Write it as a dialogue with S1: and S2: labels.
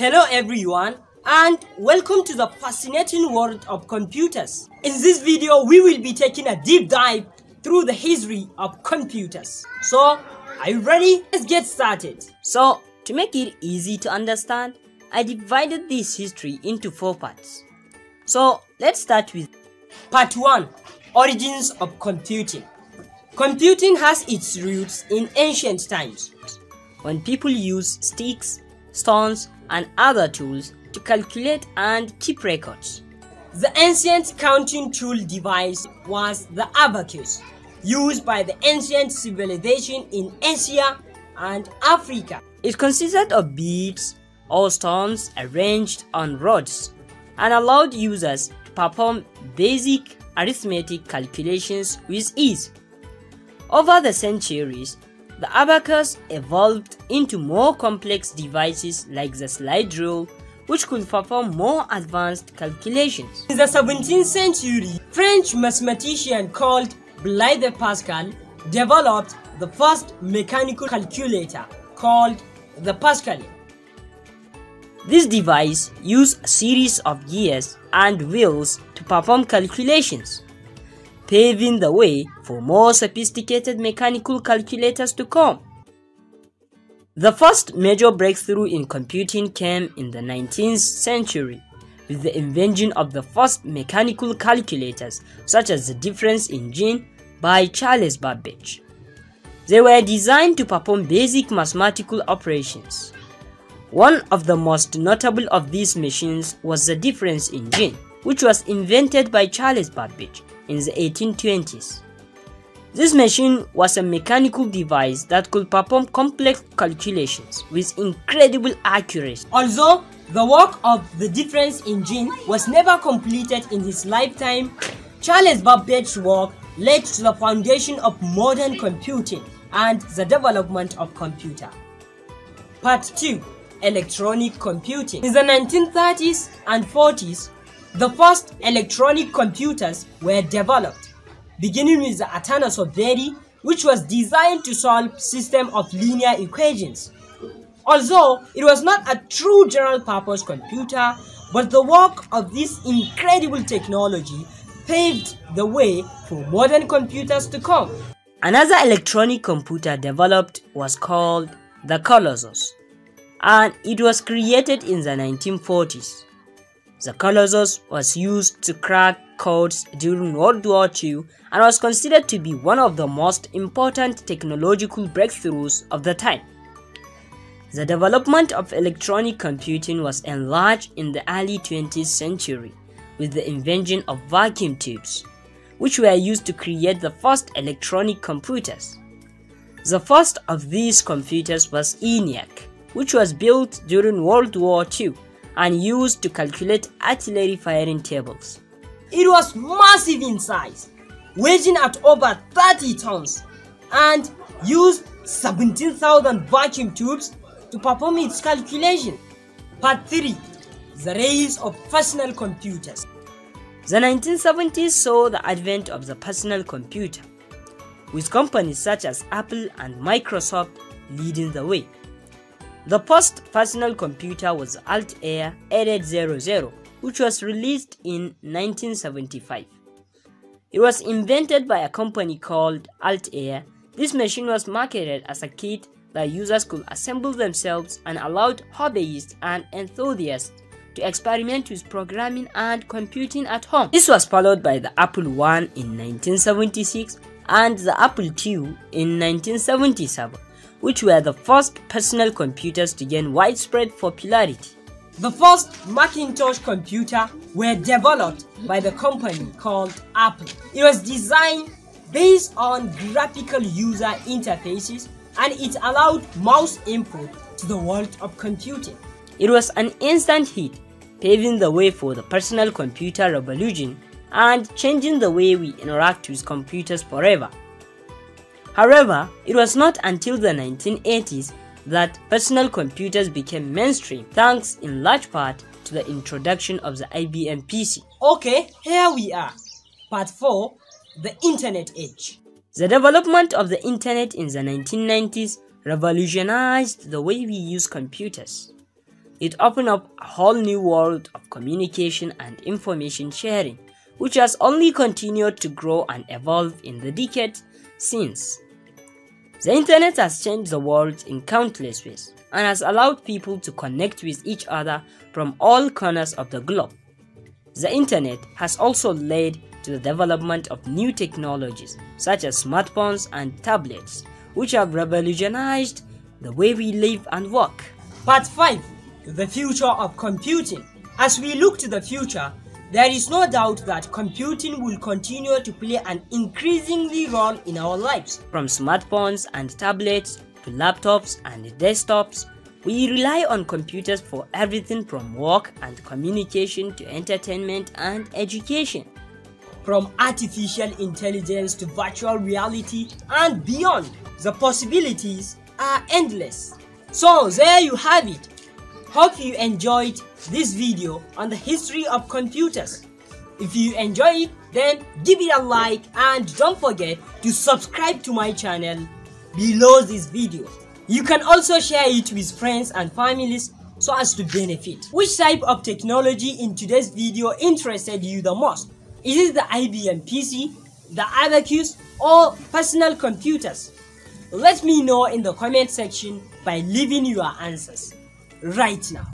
S1: Hello everyone and welcome to the fascinating world of computers. In this video we will be taking a deep dive through the history of computers. So are you ready? Let's get started. So to make it easy to understand, I divided this history into four parts. So let's start with Part 1 Origins of Computing Computing has its roots in ancient times. When people used sticks stones, and other tools to calculate and keep records. The ancient counting tool device was the abacus, used by the ancient civilization in Asia and Africa. It consisted of beads or stones arranged on rods and allowed users to perform basic arithmetic calculations with ease. Over the centuries, the abacus evolved into more complex devices like the slide rule, which could perform more advanced calculations. In the 17th century, French mathematician called Blaise Pascal developed the first mechanical calculator called the Pascal. This device used a series of gears and wheels to perform calculations paving the way for more sophisticated mechanical calculators to come. The first major breakthrough in computing came in the 19th century with the invention of the first mechanical calculators such as the difference engine by Charles Babbage. They were designed to perform basic mathematical operations. One of the most notable of these machines was the difference engine, which was invented by Charles Babbage in the 1820s. This machine was a mechanical device that could perform complex calculations with incredible accuracy. Although the work of the difference engine was never completed in his lifetime, Charles Babbage's work led to the foundation of modern computing and the development of computer. Part 2 Electronic Computing In the 1930s and 40s, the first electronic computers were developed, beginning with the Athanas of which was designed to solve system of linear equations. Although it was not a true general-purpose computer, but the work of this incredible technology paved the way for modern computers to come. Another electronic computer developed was called the Colossus, and it was created in the 1940s. The colossus was used to crack codes during World War II and was considered to be one of the most important technological breakthroughs of the time. The development of electronic computing was enlarged in the early 20th century with the invention of vacuum tubes, which were used to create the first electronic computers. The first of these computers was ENIAC, which was built during World War II and used to calculate artillery firing tables. It was massive in size, weighing at over 30 tons, and used 17,000 vacuum tubes to perform its calculation. Part 3. The rise of personal computers. The 1970s saw the advent of the personal computer, with companies such as Apple and Microsoft leading the way. The first personal computer was Altair 8800, which was released in 1975. It was invented by a company called Altair. This machine was marketed as a kit that users could assemble themselves and allowed hobbyists and enthusiasts to experiment with programming and computing at home. This was followed by the Apple I in 1976 and the Apple II in 1977 which were the first personal computers to gain widespread popularity. The first Macintosh computer were developed by the company called Apple. It was designed based on graphical user interfaces and it allowed mouse input to the world of computing. It was an instant hit, paving the way for the personal computer revolution and changing the way we interact with computers forever. However, it was not until the 1980s that personal computers became mainstream, thanks in large part to the introduction of the IBM PC. Okay, here we are. Part 4 The Internet Age. The development of the Internet in the 1990s revolutionized the way we use computers. It opened up a whole new world of communication and information sharing, which has only continued to grow and evolve in the decades since. The internet has changed the world in countless ways and has allowed people to connect with each other from all corners of the globe. The internet has also led to the development of new technologies such as smartphones and tablets, which have revolutionized the way we live and work. Part 5 The Future of Computing. As we look to the future, there is no doubt that computing will continue to play an increasingly role in our lives. From smartphones and tablets to laptops and desktops, we rely on computers for everything from work and communication to entertainment and education. From artificial intelligence to virtual reality and beyond, the possibilities are endless. So there you have it. Hope you enjoyed this video on the history of computers. If you enjoy it, then give it a like and don't forget to subscribe to my channel below this video. You can also share it with friends and families so as to benefit. Which type of technology in today's video interested you the most? Is it the IBM PC, the abacus, or personal computers? Let me know in the comment section by leaving your answers right now.